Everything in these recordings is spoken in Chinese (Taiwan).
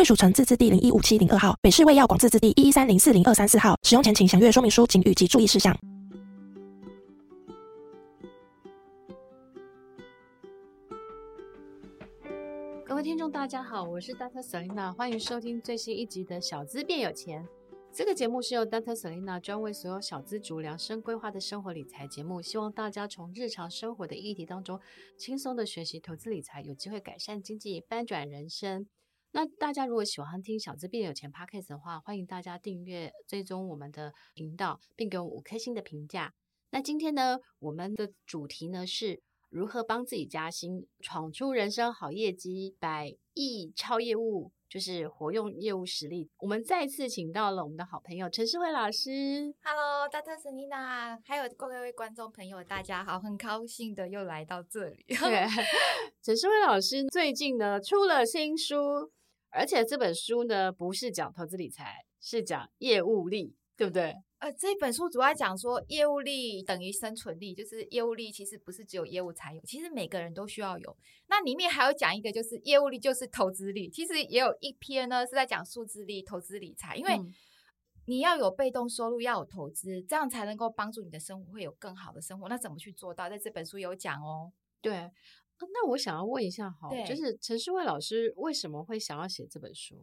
貴屬成製字第零一五七零二號，北市衛藥廣字第一一三零四零二三四號。使用前請詳閱說明書、警語及注意事項。各位聽眾，大家好，我是 Dr. Selena，歡迎收聽最新一集的《小資變有錢》。這個節目是由 Dr. Selena 專為所有小資族量身規劃的生活理財節目，希望大家從日常生活的議題當中輕鬆的學習投資理財，有機會改善經濟，翻轉人生。那大家如果喜歡聽《小資變有錢》Podcast 的話，歡迎大家訂閱追蹤我們的頻道，並給我五顆星的評價。那今天呢，我們的主題呢是如何幫自己加薪，闖出人生好業績，百億超業務，就是活用業務十力。我們再次請到了我們的好朋友陳詩慧老師。Hello，大家是 Nina，還有各位觀眾朋友，大家好，很高興的又來到這裡。 yeah, 陳詩慧老師最近呢出了新書。而且這本書呢，不是講投資理財，是講業務力，對不對？嗯，呃，這本書主要講說業務力等於生存力，就是業務力其實不是只有業務才有，其實每個人都需要有。那裡面還有講一個，就是業務力就是投資力，其實也有一篇呢是在講數字力、投資理財，因為你要有被動收入，要有投資，這樣才能夠幫助你的生活會有更好的生活。那怎麼去做到？在這本書有講哦，對。啊、那我想要問一下哈，對就是陳詩慧老師為什麼會想要寫這本書？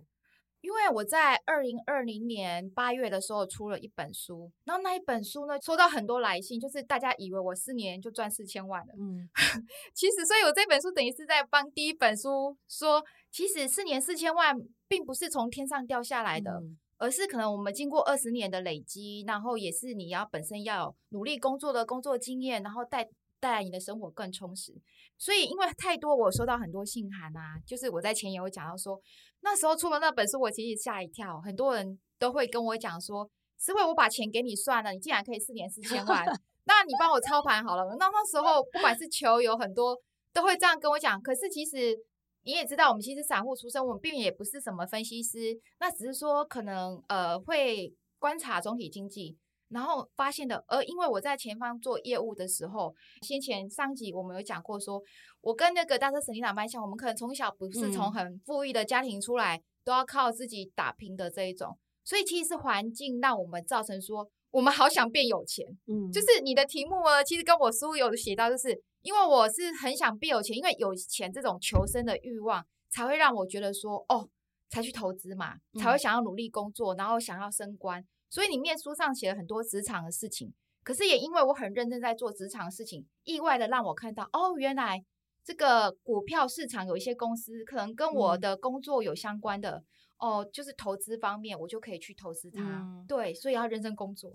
因為我在二零二零年八月的時候出了一本書，然後那一本書呢收到很多來信，就是大家以為我四年就賺四千萬了，嗯， 其實所以我這本書等於是在幫第一本書說，其實四年四千萬並不是從天上掉下來的，嗯、而是可能我們經過二十年的累積，然後也是你要本身要有努力工作的工作經驗，然後帶。帶來你的生活更充實，所以因為太多，我收到很多信函啊，就是我在前面有講到說，那時候出了那本書，我其實嚇一跳，很多人都會跟我講說，是會，我把錢給你算了，你竟然可以四年四千萬，那你幫我操盤好了。那那時候不管是球友很多都會這樣跟我講，可是其實你也知道，我們其實散戶出身，我們並也不是什麼分析師，那只是說可能呃會觀察總體經濟。然後發現的，呃，因為我在前方做業務的時候，先前上集我們有講過說，說我跟那個大車省領導蠻像，我們可能從小不是從很富裕的家庭出來，嗯、都要靠自己打拼的這一種，所以其實環境讓我們造成說，我們好想變有錢，嗯，就是你的題目啊，其實跟我書有寫到，就是因為我是很想變有錢，因為有錢這種求生的欲望，才會讓我覺得說，哦，才去投資嘛，才會想要努力工作，然後想要升官。所以裡面書上寫了很多職場的事情，可是也因為我很認真在做職場的事情，意外的讓我看到，哦，原來這個股票市場有一些公司可能跟我的工作有相關的，嗯、哦，就是投資方面，我就可以去投資它。嗯、對，所以要認真工作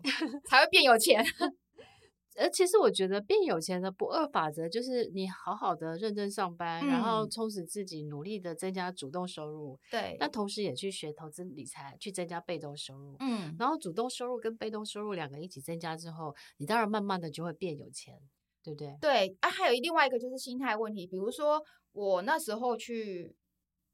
才會變有錢。 而其實我覺得變有錢的不二法則就是你好好的認真上班，嗯、然後充實自己，努力的增加主動收入。對，那同時也去學投資理財，去增加被動收入。嗯，然後主動收入跟被動收入兩個一起增加之後，你當然慢慢的就會變有錢，對不對？對，啊，還有另外一個就是心態問題。比如說我那時候去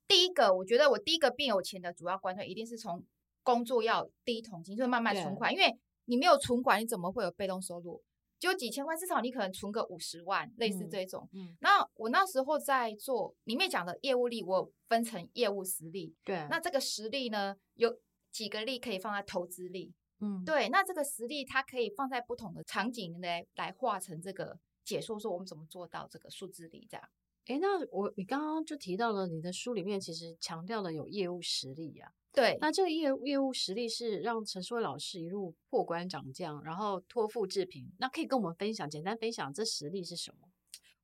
第一個，我覺得我第一個變有錢的主要觀念一定是從工作要第一桶金，就慢慢存款，對因為你沒有存款，你怎麼會有被動收入？就幾千塊，至少你可能存個五十萬，類似這種。嗯，嗯，那我那時候在做，裡面講的業務力，我分成業務實力。對，那這個實力呢，有幾個力可以放在投資力。嗯，對，那這個實力它可以放在不同的場景來來化成這個解說，說我們怎麼做到這個數字力這樣。哎、欸，那我你剛剛就提到了你的書裡面其實強調了有業務實力呀、啊。對，那這個業務業務十力是讓陳詩慧老師一路破關斬將，然後脫貧致富。那可以跟我們分享，簡單分享這十力是什麼？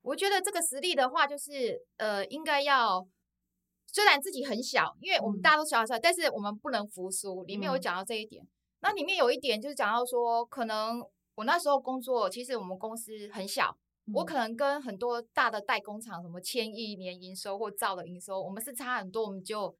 我覺得這個十力的話，就是呃，應該要雖然自己很小，因為我們大家都小啊小，小，嗯、但是我們不能服輸。裡面有講到這一點。嗯、那裡面有一點就是講到說，可能我那時候工作，其實我們公司很小，我可能跟很多大的代工廠，什麼千億年營收或兆的營收，我們是差很多，我們就。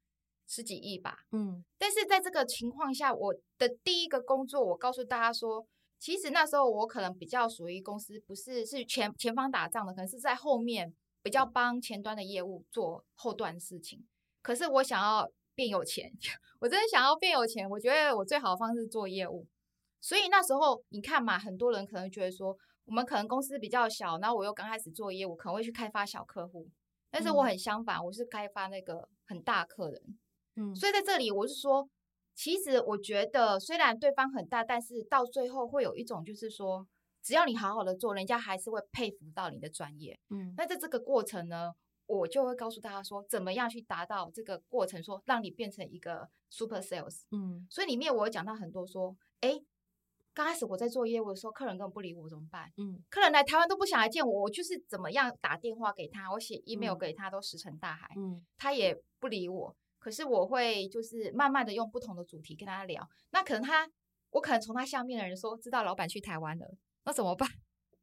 十幾億吧，嗯，但是在這個情況下，我的第一個工作，我告訴大家說，其實那時候我可能比較屬於公司不是是前前方打仗的，可能是在後面比較幫前端的業務做後端事情。可是我想要變有錢，我真的想要變有錢。我覺得我最好的方式做業務，所以那時候你看嘛，很多人可能覺得說，我們可能公司比較小，然後我又剛開始做業務，可能會去開發小客戶。但是我很相反，我是開發那個很大客人。嗯嗯。嗯，所以在這裡我是說，其實我覺得雖然對方很大，但是到最後會有一種就是說，只要你好好的做，人家還是會佩服到你的專業。嗯，那在這個過程呢，我就會告訴大家說，怎麼樣去達到這個過程說，說讓你變成一個 super sales。嗯，所以裡面我有講到很多說，哎、欸，剛開始我在做業務的時候，客人根本不理我，怎麼辦？嗯，客人來台灣都不想來見我，我就是怎麼樣打電話給他，我寫 email 給他、嗯、都石沉大海，嗯，嗯他也不理我。可是我會就是慢慢的用不同的主題跟他聊，那可能他，我可能從他下面的人說知道老闆去台灣了，那怎麼辦？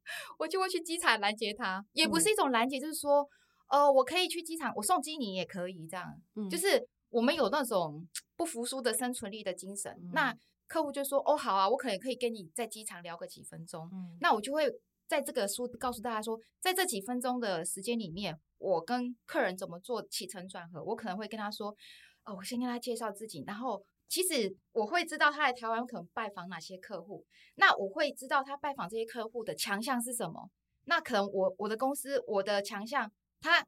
我就會去機場攔截他，嗯、也不是一種攔截，就是說，呃，我可以去機場，我送機你也可以這樣，嗯、就是我們有那種不服輸的生存力的精神。嗯、那客戶就說，哦，好啊，我可能可以跟你在機場聊個幾分鐘，嗯、那我就會。在這個書告訴大家說，在這幾分鐘的時間裡面，我跟客人怎麼做起承轉合，我可能會跟他說：哦，我先跟他介紹自己，然後其實我會知道他來台灣可能拜訪哪些客戶，那我會知道他拜訪這些客戶的強項是什麼。那可能我我的公司我的強項，他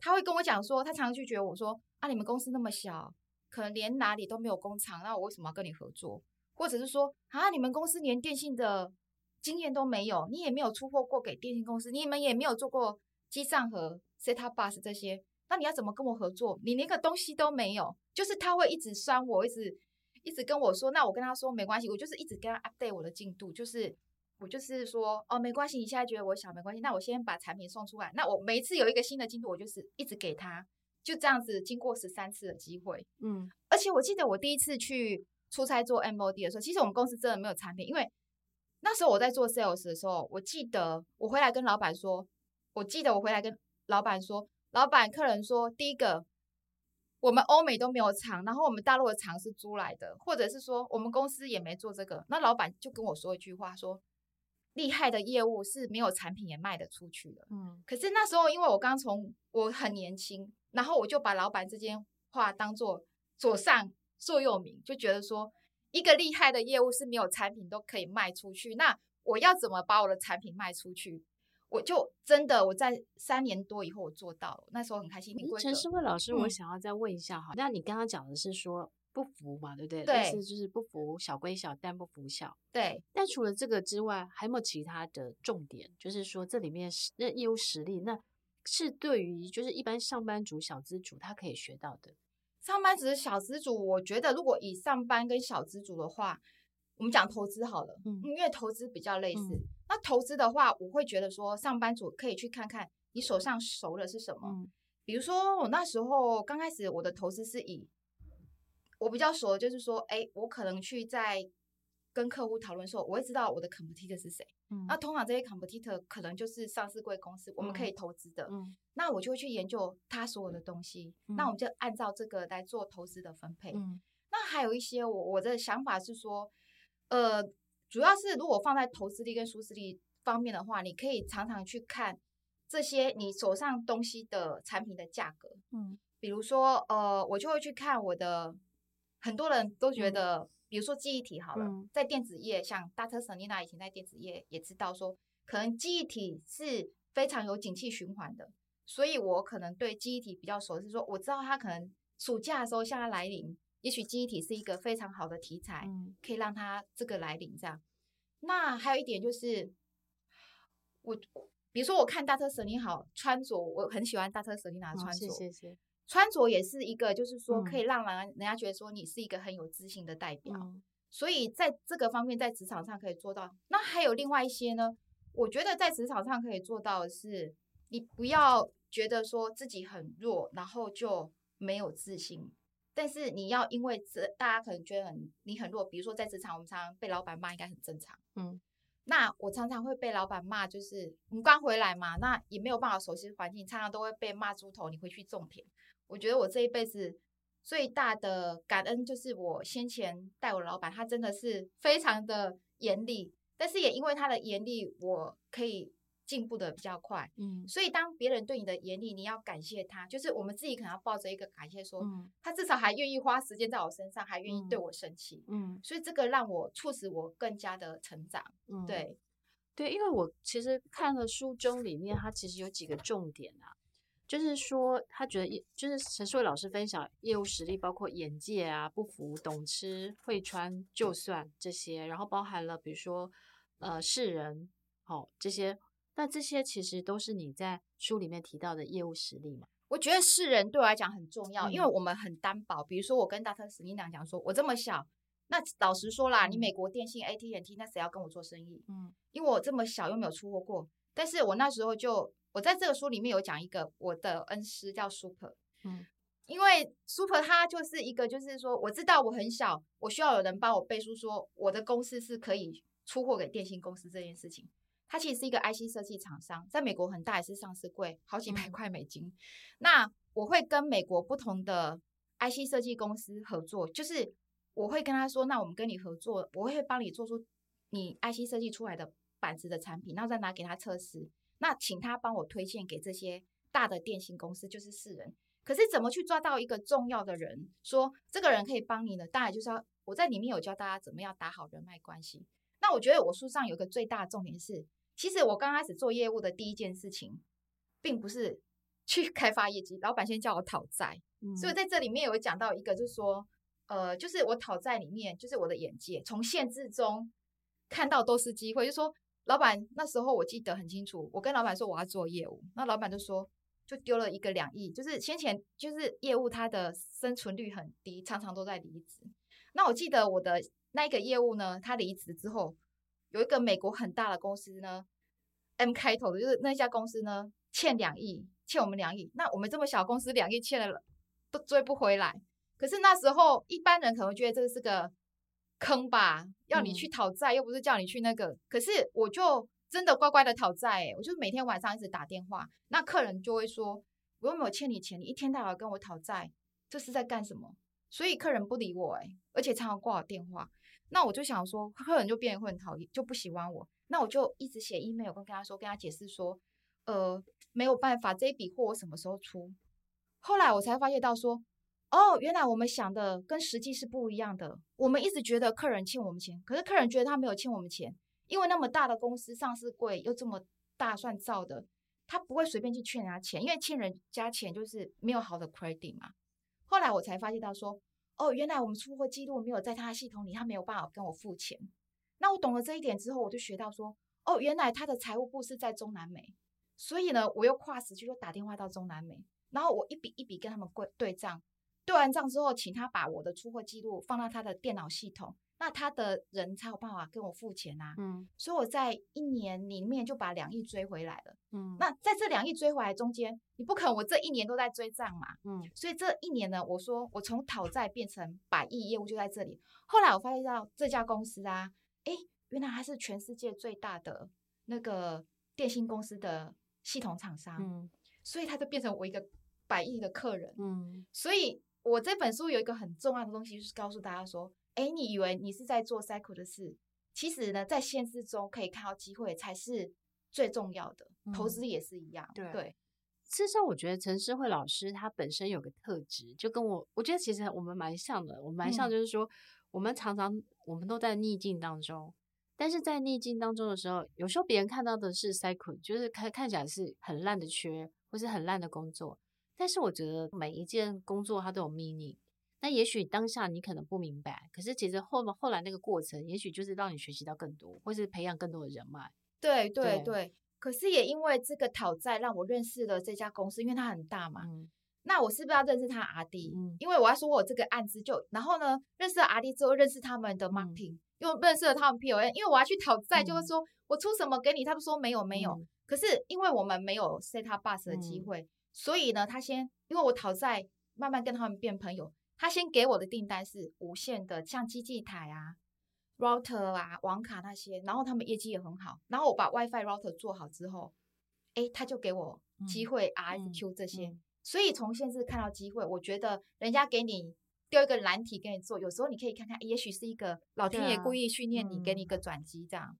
他會跟我講說，他常常拒絕我說：啊，你們公司那麼小，可能連哪裡都沒有工廠，那我為什麼要跟你合作？或者是說：啊，你們公司連電信的。經驗都沒有，你也沒有出貨過給電信公司，你們也沒有做過機上盒、set top box 這些，那你要怎麼跟我合作？你連個東西都沒有，就是他會一直酸我，一直一直跟我說。那我跟他說沒關係，我就是一直給他 update 我的進度，就是我就是說，哦，沒關係，你現在覺得我小沒關係，那我先把產品送出來。那我每一次有一個新的進度，我就是一直給他，就這樣子經過十三次的機會，嗯。而且我記得我第一次去出差做 MOD 的時候，其實我們公司真的沒有產品，因為。那時候我在做 sales 的時候，我記得我回來跟老闆說，我記得我回來跟老闆說，老闆客人說，第一個我們歐美都沒有廠，然後我們大陸的廠是租來的，或者是說我們公司也沒做這個。那老闆就跟我說一句話，說厲害的業務是沒有產品也賣得出去的。嗯，可是那時候因為我剛從我很年輕，然後我就把老闆這間話當做左上座右銘，就覺得說。一個厲害的業務是沒有產品都可以賣出去，那我要怎麼把我的產品賣出去？我就真的我在三年多以後我做到了，那時候很開心。陳詩慧老師，嗯、我想要再問一下哈，那你剛剛講的是說不服嘛，對不對？對，是就是不服小歸小，但不服小。對，但除了這個之外，還有沒有其他的重點？就是說這裡面那業務十力，那是對於就是一般上班族、小資族，他可以學到的。上班只是小資主，我覺得如果以上班跟小資主的話，嗯、我們講投資好了，嗯、因為投資比較類似。嗯、那投資的話，我會覺得說，上班族可以去看看你手上熟的是什麼。嗯、比如說我那時候剛開始，我的投資是以我比較熟，就是說，誒、欸、我可能去在。跟客戶討論說，我會知道我的 competitor 是誰。嗯、那通常這些 competitor 可能就是上市櫃公司，嗯、我們可以投資的。嗯、那我就會去研究他所有的東西。嗯、那我們就按照這個來做投資的分配、嗯嗯。那還有一些，我我的想法是說，呃，主要是如果放在投資力跟數字力方面的話，你可以常常去看這些你手上東西的產品的價格。嗯，比如說，呃，我就會去看我的。很多人都覺得。嗯比如說記憶體好了，嗯、在電子業，像大特舍尼娜以前在電子業也知道說，可能記憶體是非常有景氣循環的，所以我可能對記憶體比較熟，是說我知道他可能暑假的時候像它來臨，也許記憶體是一個非常好的題材，嗯、可以讓它這個來臨這樣。嗯、那還有一點就是，我比如說我看大特舍尼好穿着，我很喜歡大特舍尼娜的穿着。哦穿着也是一個，就是說可以讓人人家覺得說你是一個很有自信的代表，所以在這個方面，在職場上可以做到。那還有另外一些呢，我覺得在職場上可以做到的是，你不要覺得說自己很弱，然後就沒有自信。但是你要因為這大家可能覺得很你很弱，比如說在職場，我們常常被老闆罵，應該很正常。嗯，那我常常會被老闆罵，就是我們剛回來嘛，那也沒有辦法熟悉環境，常常都會被罵豬頭，你回去種田。我覺得我這一輩子最大的感恩就是我先前帶我老板，他真的是非常的嚴厲，但是也因為他的嚴厲，我可以進步得比較快。嗯，所以當別人對你的嚴厲，你要感謝他，就是我們自己可能要抱着一個感謝說，說、嗯、他至少還願意花時間在我身上，還願意對我生氣。嗯，所以這個讓我促使我更加的成長。對、嗯，對，因為我其實看了書中裡面，它其實有幾個重點啊。就是說，他覺得業就是陳詩慧老師分享業務十力，包括眼界啊、不服、懂吃、會穿、就算這些，然後包含了比如說，呃，世人，哦，這些，那這些其實都是你在書裡面提到的業務十力嘛？我覺得世人對我來講很重要，嗯、因為我們很單薄。比如說，我跟大特史密斯講說，我這麼小，那老實說啦，你美國電信、嗯、AT&T，那誰要跟我做生意？嗯，因為我這麼小，又沒有出過國，但是我那時候就。我在這個書裡面有講一個我的恩師叫 Super，嗯，因為 Super 他就是一個，就是說我知道我很小，我需要有人幫我背書，說我的公司是可以出貨給電信公司這件事情。他其實是一個 IC 設計廠商，在美國很大，也是上市櫃，好幾百塊美金。嗯，那我會跟美國不同的 IC 設計公司合作，就是我會跟他說，那我們跟你合作，我會幫你做出你 IC 設計出來的板子的產品，然後再拿給他測試。那請他幫我推薦給這些大的電信公司，就是四人。可是怎麼去抓到一個重要的人，說這個人可以幫你呢？當然就是說我在裡面有教大家怎麼樣打好人脈關係。那我覺得我書上有一個最大的重點是，其實我剛開始做業務的第一件事情，並不是去開發業績，老闆先叫我討債。嗯，所以在這裡面有講到一個，就是說，呃，就是我討債裡面，就是我的眼界從限制中看到都是機會，就是說。老闆那時候我記得很清楚，我跟老闆說我要做業務，那老闆就說就丟了一個兩億，就是先前就是業務它的生存率很低，常常都在離職。那我記得我的那個業務呢，他離職之後，有一個美國很大的公司呢，M 開頭的，就是那家公司呢，欠兩億，欠我們兩億。那我們這麼小公司兩億欠了都追不回來。可是那時候一般人可能覺得這個是個。坑吧，要你去討債、嗯、又不是叫你去那個。可是我就真的乖乖的討債、欸、我就每天晚上一直打電話，那客人就會說，我又沒有欠你錢，你一天到晚跟我討債，這是在幹什麼？所以客人不理我誒、欸，而且常常掛我電話。那我就想說，客人就變會很討厭，就不喜歡我。那我就一直寫 email 跟跟他說，跟他解釋說，呃，沒有辦法，這一筆貨我什麼時候出？後來我才發現到說。哦，原來我們想的跟實際是不一樣的。我們一直覺得客人欠我們錢，可是客人覺得他沒有欠我們錢，因為那麼大的公司、上市櫃又這麼大算賬的，他不會隨便去欠人家錢，因為欠人家錢就是沒有好的 credit 嘛。後來我才發現到說，哦，原來我們出貨記錄沒有在他的系統裡，他沒有辦法跟我付錢。那我懂了這一點之後，我就學到說，哦，原來他的財務部是在中南美，所以呢，我又跨時區又打電話到中南美，然後我一筆一筆跟他們對對賬。對完賬之後，請他把我的出貨記錄放到他的電腦系統，那他的人才有辦法跟我付錢啊。嗯，所以我在一年裡面就把兩億追回來了。嗯，那在這兩億追回來中間，你不可能我這一年都在追賬嘛。嗯，所以這一年呢，我說我從討債變成百億業務就在這裡。後來我發現到這家公司啊，誒、欸，原來他是全世界最大的那個電信公司的系統廠商。嗯，所以他就變成我一個百億的客人。嗯，所以。我這本書有一個很重要的東西，就是告訴大家說，哎，你以為你是在做 cycle 的事，其實呢，在現實中可以看到機會才是最重要的。投資也是一樣。嗯、對，事實上，我覺得陳詩慧老師她本身有個特質，就跟我，我覺得其實我們蠻像的。我們蠻像，就是說，嗯、我們常常我們都在逆境當中，但是在逆境當中的時候，有時候別人看到的是 cycle，就是看看起來是很爛的缺，或是很爛的工作。但是我覺得每一件工作它都有 meaning，那也許當下你可能不明白，可是其實後後來那個過程，也許就是讓你學習到更多，或是培養更多的人脈。對對對，可是也因為這個討債讓我認識了這家公司，因為它很大嘛。嗯、那我是不是要認識他 RD、嗯？因為我要說我這個案子就，然後呢，認識 RD 之後，認識他們的 marketing，、嗯、又認識了他們 P O N，因為我要去討債，就是說我出什麼給你，他都說沒有沒有。嗯、可是因為我們沒有 set 他 bus 的機會。嗯所以呢，他先因為我討債，慢慢跟他們變朋友。他先給我的訂單是無限的，像機器台啊、router 啊、網卡那些。然後他們業績也很好。然後我把 WiFi router 做好之後誒，他就給我機會 RFQ 這些。嗯嗯嗯、所以從現在看到機會，我覺得人家給你丟一個難題給你做，有時候你可以看看，也許是一個老天爺故意訓練你，嗯、給你一個轉機這樣。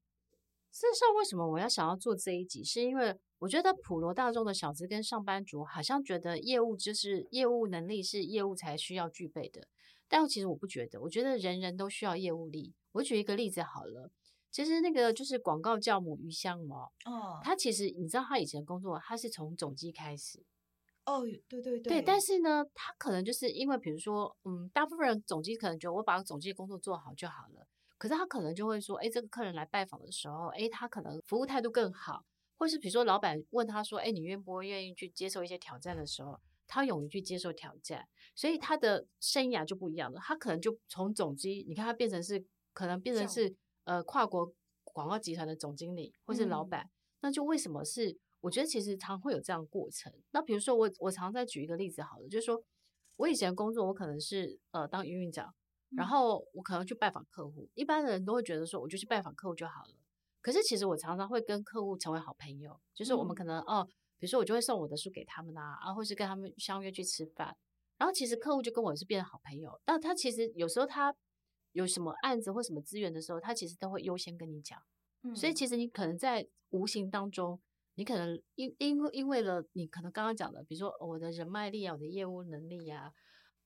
事實上，為什麼我要想要做這一集？是因為我覺得普羅大眾的小資跟上班族好像覺得業務就是業務能力是業務才需要具備的，但其實我不覺得，我覺得人人都需要業務力。我舉一個例子好了，其實那個就是廣告教母余湘嘛。哦，oh. 他其實你知道他以前工作，他是從總機開始，哦，oh, 對對對，對，但是呢，他可能就是因為比如說，嗯，大部分人總機可能覺得我把總機工作做好就好了。可是他可能就會說，哎、欸，這個客人來拜訪的時候，哎、欸，他可能服務態度更好，或是比如說老闆問他說，哎、欸，你願不願意去接受一些挑戰的時候，他勇於去接受挑戰，所以他的生涯就不一樣了。他可能就從總機，你看他變成是，可能變成是像呃跨國廣告集團的總經理，或是老闆。嗯、那就為什麼是？我覺得其實常會有這樣的過程。那比如說我，我常在舉一個例子好了，就是說我以前工作，我可能是呃當營運長。然後我可能去拜訪客戶，嗯、一般的人都會覺得說，我就去拜訪客戶就好了。可是其實我常常會跟客戶成為好朋友，就是我們可能、嗯、哦，比如說我就會送我的書給他們啊，啊或是跟他們相約去吃飯。然後其實客戶就跟我是變成好朋友。那他其實有時候他有什麼案子或什麼資源的時候，他其實都會優先跟你講。嗯、所以其實你可能在無形當中，你可能因因為因為了你可能剛剛講的，比如說我的人脈力啊，我的業務能力呀、啊。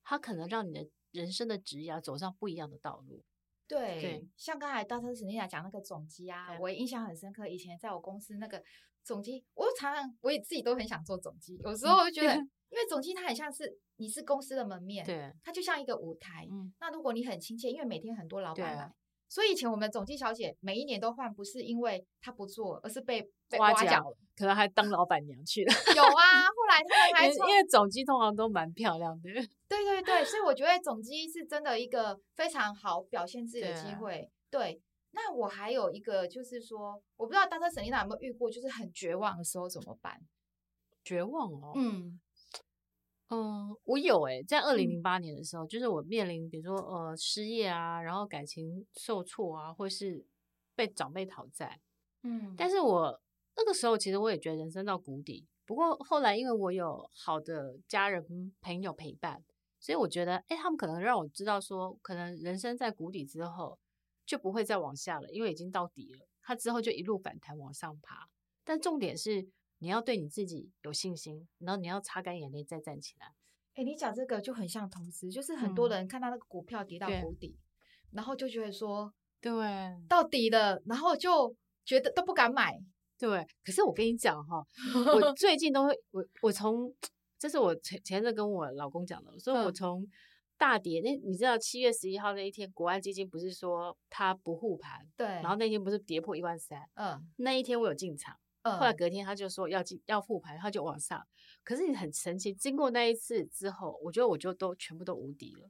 他可能讓你的人生的職業啊走上不一樣的道路。對，對，像剛才 Doctor 沈麗雅講那個總機啊，對我也印象很深刻。以前在我公司那個總機，我常常我也自己都很想做總機。有時候我覺得，嗯、因為總機它很像是你是公司的門面，對，它就像一個舞台。嗯，那如果你很親切，因為每天很多老闆來。所以以前我們總機小姐每一年都換，不是因為她不做，而是被、被挖角了挖角，可能還當老闆娘去了。 有啊，後來他們還因為、因為總機通常都蠻漂亮的。 對對對，所以我覺得總機是真的一個非常好表現自己的機會。對，啊、對，那我還有一個就是說，我不知道當時沈琳娜有沒有遇過，就是很絕望的時候怎麼辦？絕望哦，嗯。嗯、呃，我有哎、欸，在二零零八年的時候，嗯、就是我面臨比如說呃失業啊，然後感情受挫啊，或是被長輩討債，嗯，但是我那個時候其實我也覺得人生到谷底。不過後來因為我有好的家人朋友陪伴，所以我覺得哎，他們可能讓我知道說，可能人生在谷底之後就不會再往下了，因為已經到底了，他之後就一路反彈往上爬。但重點是。你要對你自己有信心，然後你要擦乾眼淚再站起來。哎、欸，你講這個就很像投資，就是很多人看到那個股票跌到谷底，嗯、然後就覺得說，對，到底了，然後就覺得都不敢買。對，可是我跟你講哈，我最近都會， 我我從，這是我前前陣跟我老公講的，所以我從大跌，那、嗯、你知道七月十一號那一天，國安基金不是說它不護盤，對，然後那天不是跌破一萬三，嗯，那一天我有進場。後來隔天他就說要進要復牌，他就往上。可是你很神奇，經過那一次之後，我覺得我就都全部都無敵了，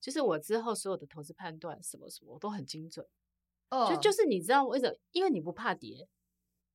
就是我之後所有的投資判斷什麼什麼都很精準。就就是你知道為什麼？因為你不怕跌。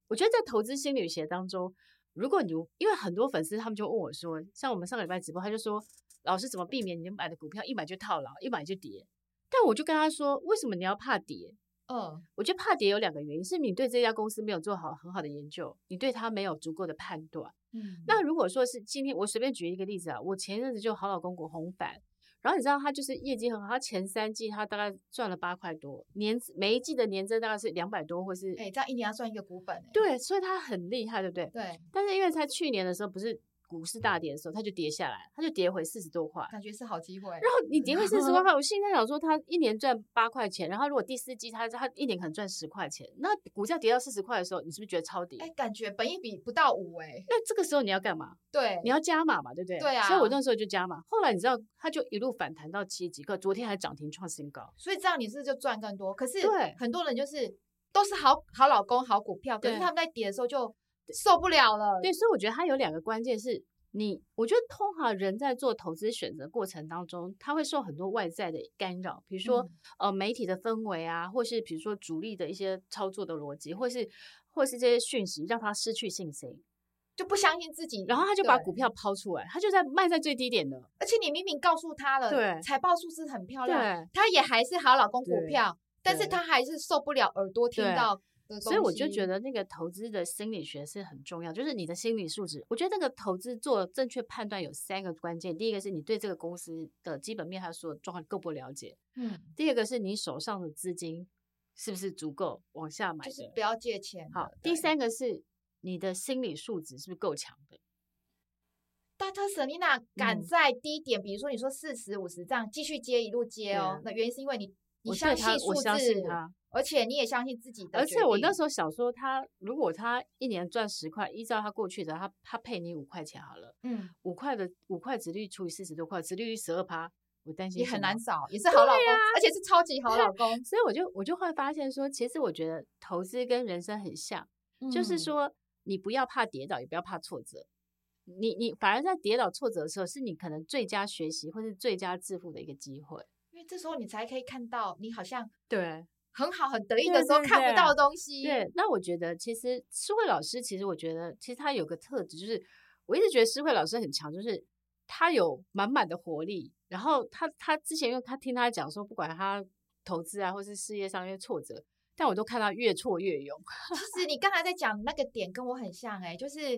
我覺得在投資心理學當中，如果你因為很多粉絲他們就問我說，像我們上禮拜直播，他就說老師怎麼避免你買的股票一買就套牢，一買就跌？但我就跟他說，為什麼你要怕跌？嗯，oh. 我覺得怕跌有兩個原因，是你對這家公司沒有做好很好的研究，你對它沒有足夠的判斷。嗯，那如果說是今天，我隨便舉一個例子啊，我前一陣子就好老公股紅板，然後你知道他就是業績很好，他前三季他大概賺了八塊多，年每一季的年增大概是兩百多，或是哎、欸，這樣一年要賺一個股本、欸。對，所以他很厲害，對不對？對，但是因為他去年的時候不是。股市大跌的時候，它就跌下來，它就跌回四十多塊，感覺是好機會。然後你跌回四十多塊，後我現在想說，它一年賺八塊錢，然後如果第四季它它一年可能賺十塊錢，那股價跌到四十塊的時候，你是不是覺得超跌？哎、欸，感覺本益比不到五哎、欸。那這個時候你要幹嘛？對，你要加碼嘛，對不對？對啊。所以我那時候就加碼。後來你知道，它就一路反彈到七幾個，昨天還漲停創新高。所以這樣你是不是就賺更多？可是對，很多人就是對都是好好老公好股票，可是他們在跌的時候就。受不了了，對，所以我覺得他有兩個關鍵是你，我覺得通常人在做投資選擇過程當中，他會受很多外在的干擾，比如說、嗯、呃媒體的氛圍啊，或是比如說主力的一些操作的邏輯，或是或是這些訊息讓他失去信心，就不相信自己，然後他就把股票拋出來，對他就在賣在最低點了，而且你明明告訴他了，對財報數字很漂亮，對他也還是好老公股票，但是他還是受不了耳朵聽到。所以我就覺得那個投資的心理學是很重要，就是你的心理素質。我覺得那個投資做正確判斷有三個關鍵：第一個是你對這個公司的基本面還有所有狀況夠不夠了解，嗯；第二個是你手上的資金是不是足夠往下買的，就是不要借錢；好，對第三個是你的心理素質是不是夠強的。但特舍麗娜敢在低點，嗯、比如說你說四十五十這樣繼續接一路接哦，啊、那原因是因為你，你相信他，我相信他而且你也相信自己的，而且我那時候想說，他如果他一年賺十塊，依照他過去的話，他他賠你五塊錢好了，嗯，五塊的五塊，殖利率除以四十多塊，殖利率於十二趴，我擔心你很難找，你是好老公，啊、而且是超級好老公，啊、所以我就我就會發現說，其實我覺得投資跟人生很像，嗯、就是說你不要怕跌倒，也不要怕挫折，你你反而在跌倒挫折的時候，是你可能最佳學習或是最佳致富的一個機會，因為這時候你才可以看到你好像對。很好，很得意的時候看不到東西，對對對。對，那我覺得其實詩慧老師，其實我覺得其實他有個特質，就是我一直覺得詩慧老師很強，就是他有滿滿的活力。然後他他之前又，因為他聽他講說，不管他投資啊，或是事業上一挫折，但我都看到越挫越勇。其實你剛才在講那個點跟我很像哎、欸，就是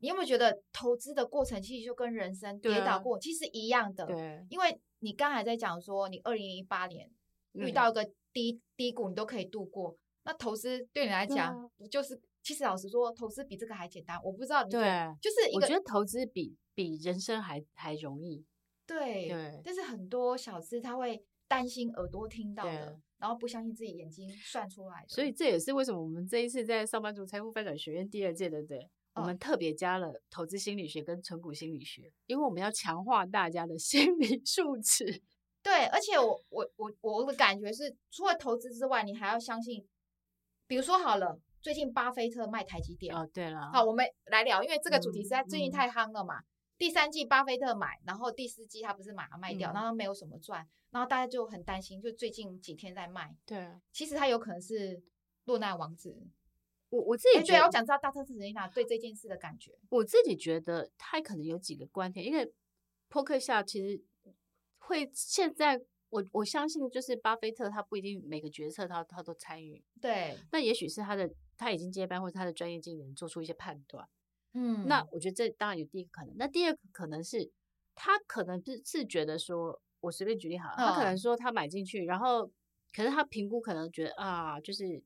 你有沒有覺得投資的過程其實就跟人生跌倒過、啊、其實一樣的？對，因為你剛才在講說你二零一八年遇到一個、嗯。低低谷，你都可以度過，那投資對你來講，嗯啊、就是其實老實說，投資比這個還簡單。我不知道你，對、啊，就是我覺得投資比比人生還還容易。對，對，但是很多小資他會擔心耳朵聽到的，啊、然後不相信自己眼睛算出來的。所以這也是為什麼我們這一次在上班族財富發展學院第二屆的，對，哦、我們特別加了投資心理學跟存股心理學，因為我們要強化大家的心理素質。對，而且我我我我的感覺是，除了投資之外，你還要相信。比如說好了，最近巴菲特賣台積電。哦，對了，好，我們來聊，因為這個主題實在最近太夯了嘛。嗯嗯、第三季巴菲特買，然後第四季他不是馬上賣掉，嗯、然後他沒有什麼賺，然後大家就很擔心，就最近幾天在賣。對、啊，其實他有可能是落難王子。我我自己覺得、欸、對、啊，我想知道大特次子娜對這件事的感覺。我自己覺得他可能有幾個觀點，因為波克夏其實。會現在我我相信就是巴菲特他不一定每個決策，他他都參與，對，那也許是他的他已經接班或者，他的專業經理人做出一些判斷，嗯，那我覺得這當然有第一個可能，那第二個可能是，他可能是是覺得說，我隨便舉例好了，他可能說他買進去，哦、然後可是他評估可能覺得啊就是。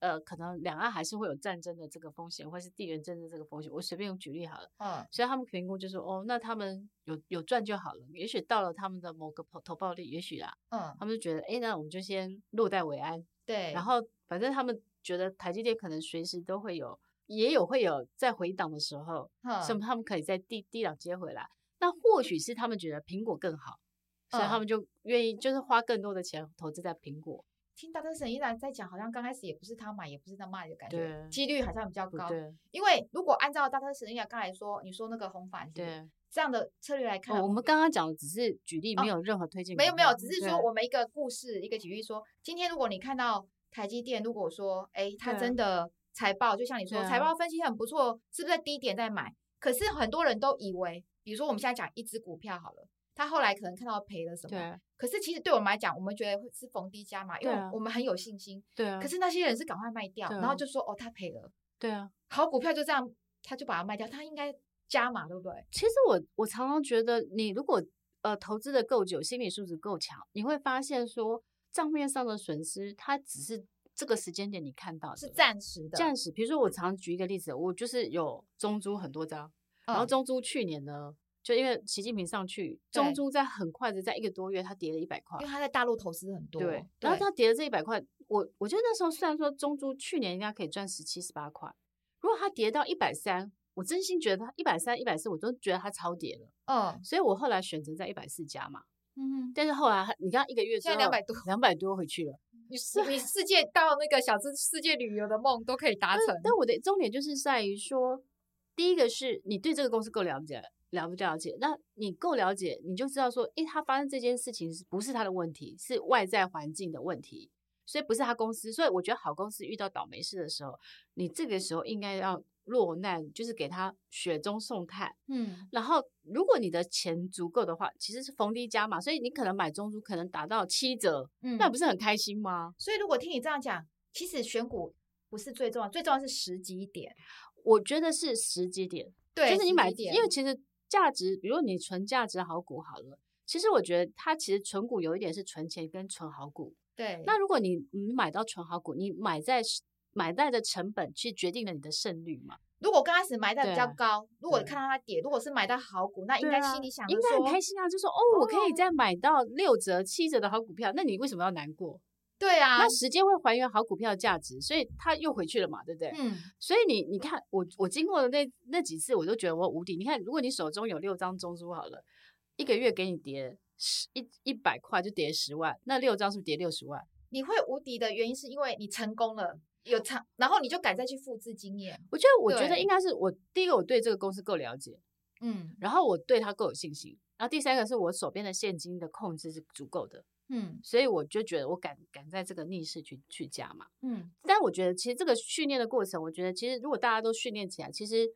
呃，可能兩岸還是會有戰爭的這個風險，或是地緣政治這個風險，我隨便用舉例好了。嗯，所以他們評估就說：‘哦，那他們有有賺就好了。也許到了他們的某個投報率，也許啊，嗯，他們就覺得，哎，那我們就先落袋為安。對。然後，反正他們覺得台積電可能隨時都會有，也有會有再回檔的時候，什麼、嗯、他們可以在低低檔接回來。那或許是他們覺得蘋果更好，所以他們就願意、嗯、就是花更多的錢投資在蘋果。聽大德神依然在講，好像剛開始也不是他買，也不是他賣的感覺，幾對率好像比較高。對因為如果按照大德神剛才來說，你說那個紅法對這樣的策略來看，哦、我們剛剛講的只是舉例，沒有任何推薦、啊、沒有沒有，只是說我們一個故事對一個舉例說，說今天如果你看到台積電，如果說哎、欸，它真的財報就像你說，財對報分析很不錯，是不是在低點在買？對可是很多人都以為，比如說我們現在講一支股票好了。他後來可能看到賠了什麼，對啊、可是其實對我們來講，我們覺得是逢低加碼，因為我們很有信心。對啊。可是那些人是趕快賣掉，啊、然後就說：“哦，他賠了。”對啊。好股票就這樣，他就把它賣掉，他應該加碼，對不對？其實我我常常覺得，你如果呃投資的夠久，心理素質夠強，你會發現說賬面上的損失，它只是這個時間點你看到是暫時的。暫時，比如說我常常舉一個例子，對我就是有中租很多張，然後中租去年呢。嗯就因為習近平上去，對中租在很快的在一個多月，他跌了一百塊，因為他在大陸投資很多。對，對然後他跌了這一百塊，我我覺得那時候雖然說中租去年應該可以賺十七十八塊，如果他跌到一百三，我真心覺得他一百三一百四，我都覺得他超跌了。嗯，所以我後來選擇在一百四加嘛。嗯哼，但是後來你剛一個月賺兩百多，兩百多回去了。你以你世界到那個小資世界旅遊的夢都可以達成 對。但我的重點就是在於說，第一個是你對這個公司夠了解。了不了解？那你夠了解，你就知道說，誒、欸，他發生這件事情是不是他的問題？是外在環境的問題，所以不是他公司。所以我覺得好公司遇到倒霉事的時候，你這個時候應該要落難，就是給他雪中送炭。嗯，然後如果你的錢足夠的話，其實是逢低加碼，所以你可能買中租可能打到七折，嗯、那不是很開心嗎？所以如果聽你這樣講，其實選股不是最重要，最重要是時機點。我覺得是時機點，對，就是你買，點，因為其實。價值，比如你存價值好股好了，其實我覺得它其實存股有一點是存錢跟存好股。對。那如果你你買到存好股，你買在買在的成本去決定了你的勝率嘛？如果剛開始買的比較高，啊、如果看到它跌，對如果是買到好股，那應該心裡想、啊、應該很開心啊，就說哦，哦我可以再買到六折七折的好股票，那你為什麼要難過？對啊，那時間會還原好股票的價值，所以他又回去了嘛，對不對？嗯，所以你你看我我經過的那那幾次，我都覺得我無敵。你看，如果你手中有六張中租好了，一個月給你疊十一一百塊，就疊十萬，那六張是不是疊六十萬？你會無敵的原因是因為你成功了，有成，然後你就敢再去複制經驗。對我覺得我覺得應該是我第一個，我對這個公司夠了解，嗯，然後我對它夠有信心，然後第三個是我手邊的現金的控制是足夠的。嗯，所以我就覺得我敢敢在這個逆勢去去加嘛，嗯，但我覺得其實這個訓練的過程，我覺得其實如果大家都訓練起來，其實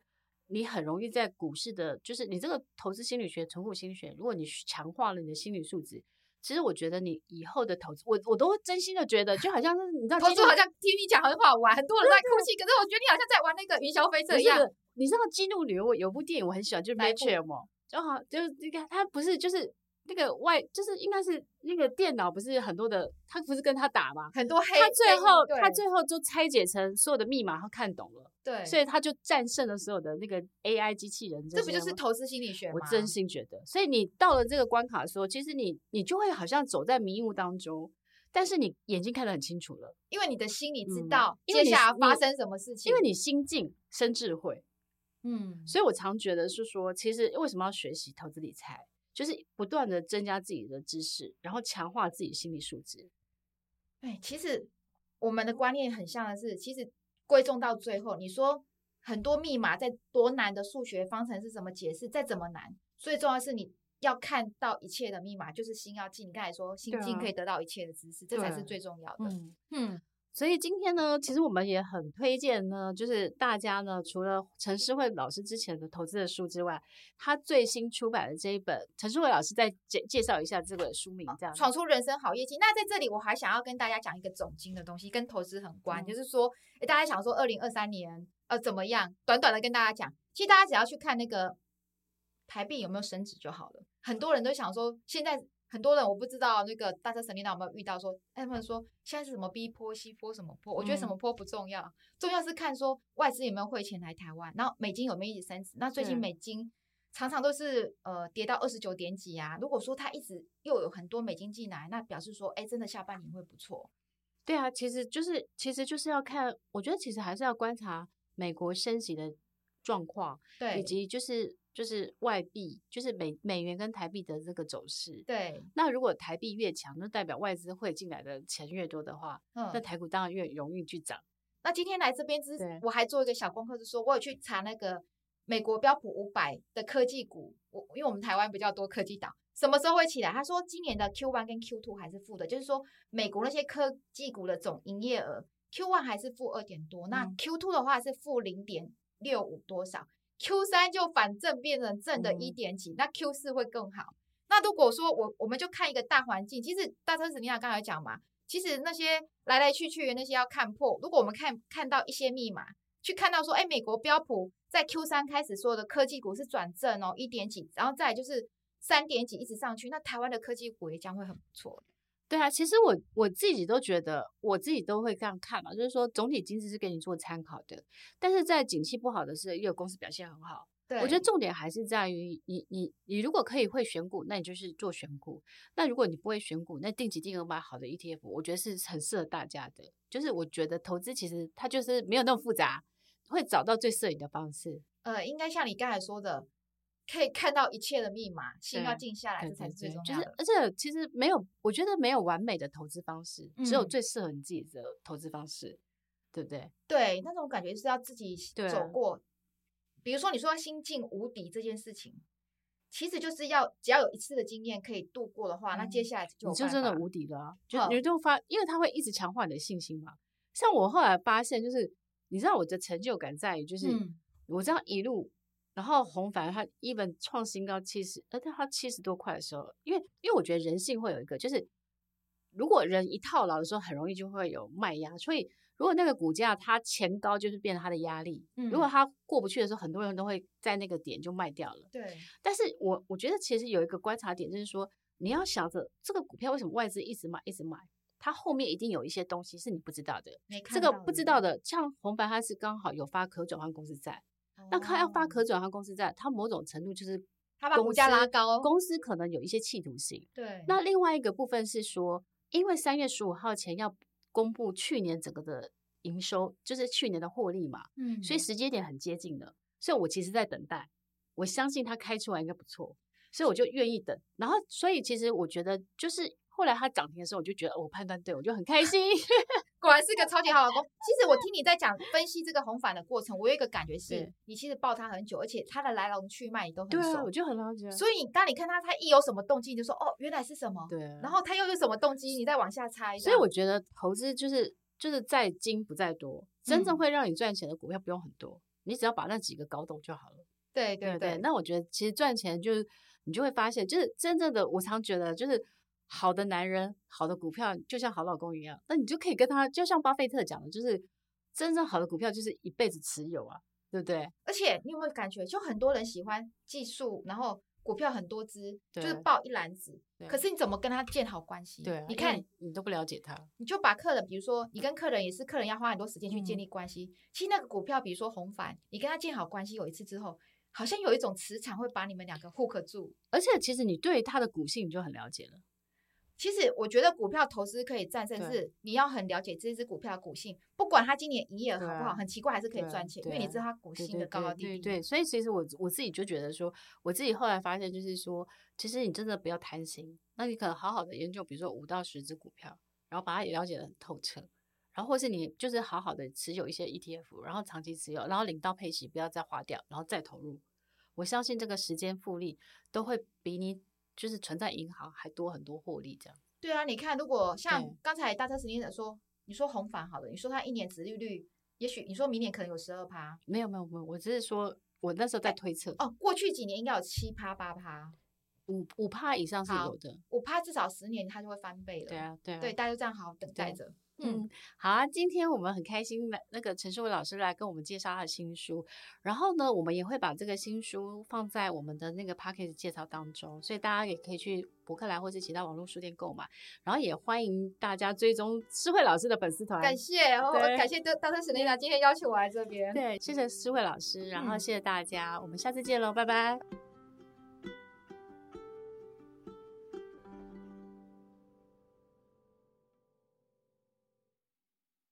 你很容易在股市的，就是你這個投資心理學、炒股心理學，如果你強化了你的心理素質，其實我覺得你以後的投資，我我都真心的覺得，就好像是你知道，投資好像聽你講很好玩，很多人在哭泣， 可是我覺得你好像在玩那個雲霄飛車一樣。你知道激怒女我，有部電影我很喜歡，就是不《Matrix》，就好，就是你看，他不是就是。那個外就是應該是那個電腦不是很多的，嗯、他不是跟他打嗎？很多黑，他最後對他最後就拆解成所有的密碼，他看懂了。對，所以他就戰勝了所有的那個 AI 機器人這。這不就是投資心理學嗎？我真心覺得，所以你到了這個關卡的時候，其實你你就會好像走在迷霧當中，但是你眼睛看得很清楚了，因為你的心裡知道、嗯、你接下來發生什麼事情，因為你心靜生智慧。嗯，所以我常覺得是說，其實為什麼要學習投資理財？就是不斷的增加自己的知識，然後強化自己心理素質。對，其實我們的觀念很像的是，其實歸重到最後，你說很多密碼在多難的數學方程是怎麼解釋？再怎麼難，最重要的是你要看到一切的密碼，就是心要靜。你剛才說心靜可以得到一切的知識，啊、這才是最重要的。嗯。嗯所以今天呢，其實我們也很推薦呢，就是大家呢，除了陳詩慧老師之前的投資的書之外，他最新出版的這一本，陳詩慧老師再介介紹一下這個書名，這樣。闖出人生好業績。那在這裡我還想要跟大家講一個總經的東西，跟投資很關，嗯、就是說，誒，大家想說二零二三年，呃，怎麼樣？短短的跟大家講，其實大家只要去看那個台幣有沒有升值就好了。很多人都想說，現在。很多人我不知道那個大家省領導有沒有遇到說，他們說現在是什麼 B 波、C 波什麼波？我覺得什麼波不重要，嗯、重要是看說外資有沒有匯錢來台灣，然後美金有沒有一直升值。那最近美金常常都是呃跌到二十九點幾啊。如果說它一直又有很多美金進來，那表示說哎、欸，真的下半年會不錯。對啊，其實就是其實就是要看，我覺得其實還是要觀察美國升息的狀況，對以及就是。就是外幣，就是美美元跟台幣的這個走勢。對，那如果台幣越強，就代表外資會進來的錢越多的話，嗯、那台股當然越容易去漲。那今天來這邊，是我還做一個小功課，就是說，對我有去查那個美國標普五百的科技股，我因為我們台灣比較多科技檔，什麼時候會起來？他說今年的 Q one 跟 Q two 還是負的，就是說美國那些科技股的總營業額、嗯、1，Q one 還是負二點多，嗯、那 Q two 的話是負零點六五多少？Q 三就反正變成正的一點幾，嗯、那 Q 四會更好。那如果說我我們就看一個大環境，其實大車子你想剛才講嘛，其實那些來來去去的那些要看破。如果我們看看到一些密碼，去看到說，哎、欸，美國標普在 Q 三開始說的科技股是轉正哦、喔，一點幾，然後再就是三點幾一直上去，那台灣的科技股也將會很不錯的。對啊，其實我我自己都覺得，我自己都會這樣看嘛，就是說總體經濟是給你做參考的，但是在景氣不好的時候，又有公司表現很好，對我覺得重點還是在於你你你如果可以會選股，那你就是做選股；那如果你不會選股，那定期定額買好的 ETF，我覺得是很適合大家的。就是我覺得投資其實它就是沒有那麼複雜，會找到最適合你的方式。呃，應該像你剛才說的。可以看到一切的密碼，心要靜下來，這才是最重要的。對對對，就是，而且其實沒有，我覺得沒有完美的投資方式，嗯、只有最適合你自己的投資方式，對不對？對，那種感覺是要自己走過。對比如說你說“心靜無敵”這件事情，其實就是要只要有一次的經驗可以度過的話，嗯、那接下來就有你就真的無敵了啊。就你就發，因為他會一直強化你的信心嘛。像我後來發現，就是你知道我的成就感在於，就是、嗯、我這樣一路。然後紅凡它一本創新高七十，呃，它七十多塊的時候，因為因為我覺得人性會有一個，就是如果人一套牢的時候，很容易就會有賣壓，所以如果那個股價它前高就是變成它的壓力，嗯，如果它過不去的時候，很多人都會在那個點就賣掉了，對。但是我我覺得其實有一個觀察點，就是說你要想着這個股票為什麼外資一直買一直買，它後面一定有一些東西是你不知道的，沒看的這個不知道的，像紅凡它是剛好有發可轉換公司債。那他要發可轉債，公司在他某種程度就是，他把股價拉高，公司可能有一些企圖性，對，那另外一個部分是說，因為三月十五號前要公布去年整個的營收，就是去年的獲利嘛，嗯，所以時間點很接近的，所以我其實在等待。我相信他開出來應該不錯，所以我就願意等。是然後，所以其實我覺得就是後來他漲停的時候，我就覺得我判斷對，我就很開心。啊 果然是個超級好老公。其實我聽你在講分析這個紅返的過程，我有一個感覺是，你其實抱他很久，而且他的來龍去脈你都很熟。對啊，我就很了解。所以你當你看他，他一有什麼動機，你就說哦，原來是什麼。對。然後他又有什麼動機，你再往下猜。所以我覺得投資就是就是在精不在多，真正會讓你賺錢的股票不用很多，嗯，你只要把那幾個搞懂就好了。對對對，對不對？那我覺得其實賺錢就是你就會發現，就是真正的，我常覺得就是。好的男人，好的股票就像好老公一樣，那你就可以跟他，就像巴菲特講的，就是真正好的股票就是一輩子持有啊，對不對？而且你有沒有感覺，就很多人喜歡技術，然後股票很多隻，對就是抱一籃子。對可是你怎麼跟他建好關係？對啊、你看你都不了解他，你就把客人，比如說你跟客人也是客人，要花很多時間去建立關係。嗯、其實那個股票，比如說紅帆，你跟他建好關係，有一次之後，好像有一種磁場會把你們兩個 hook 住，而且其實你對他的股性你就很了解了。其實我覺得股票投資可以戰勝，是你要很了解這隻股票的股性，對不管它今年營業好不好，啊、很奇怪還是可以賺錢，對啊對啊、因為你知道它股性的高，高低，低。對對，對，對，對，對對，所以其實我我自己就覺得說，我自己後來發現就是說，其實你真的不要貪心，那你可能好好的研究，比如說五到十隻股票，然後把它也了解的很透徹，然後或是你就是好好的持有一些 ETF，然後長期持有，然後領到配息不要再花掉，然後再投入，我相信這個時間複利都會比你。就是存在銀行還多很多獲利這樣。對啊，你看，如果像剛才大車司令說，你說紅帆好了，你說它一年殖利率，也許你說明年可能有十二趴。沒有沒有沒有，我只是說，我那時候在推測、哎。哦，過去幾年應該有七趴八趴，五五趴以上是有的。五趴至少十年它就會翻倍了。對啊對啊。對，大家就這樣好好等待着。嗯，好啊，今天我們很開心，來那個陳詩慧老師來跟我們介紹他的新書，然後呢，我們也會把這個新書放在我們的那個 podcast 介紹當中，所以大家也可以去博客來或者其他網絡書店購買，然後也歡迎大家追蹤詩慧老師的粉絲團。感謝，對哦、感謝大當生沈林娜今天邀請我來這邊。對，謝謝詩慧老師，然後謝謝大家，嗯、我們下次見嘍，拜拜。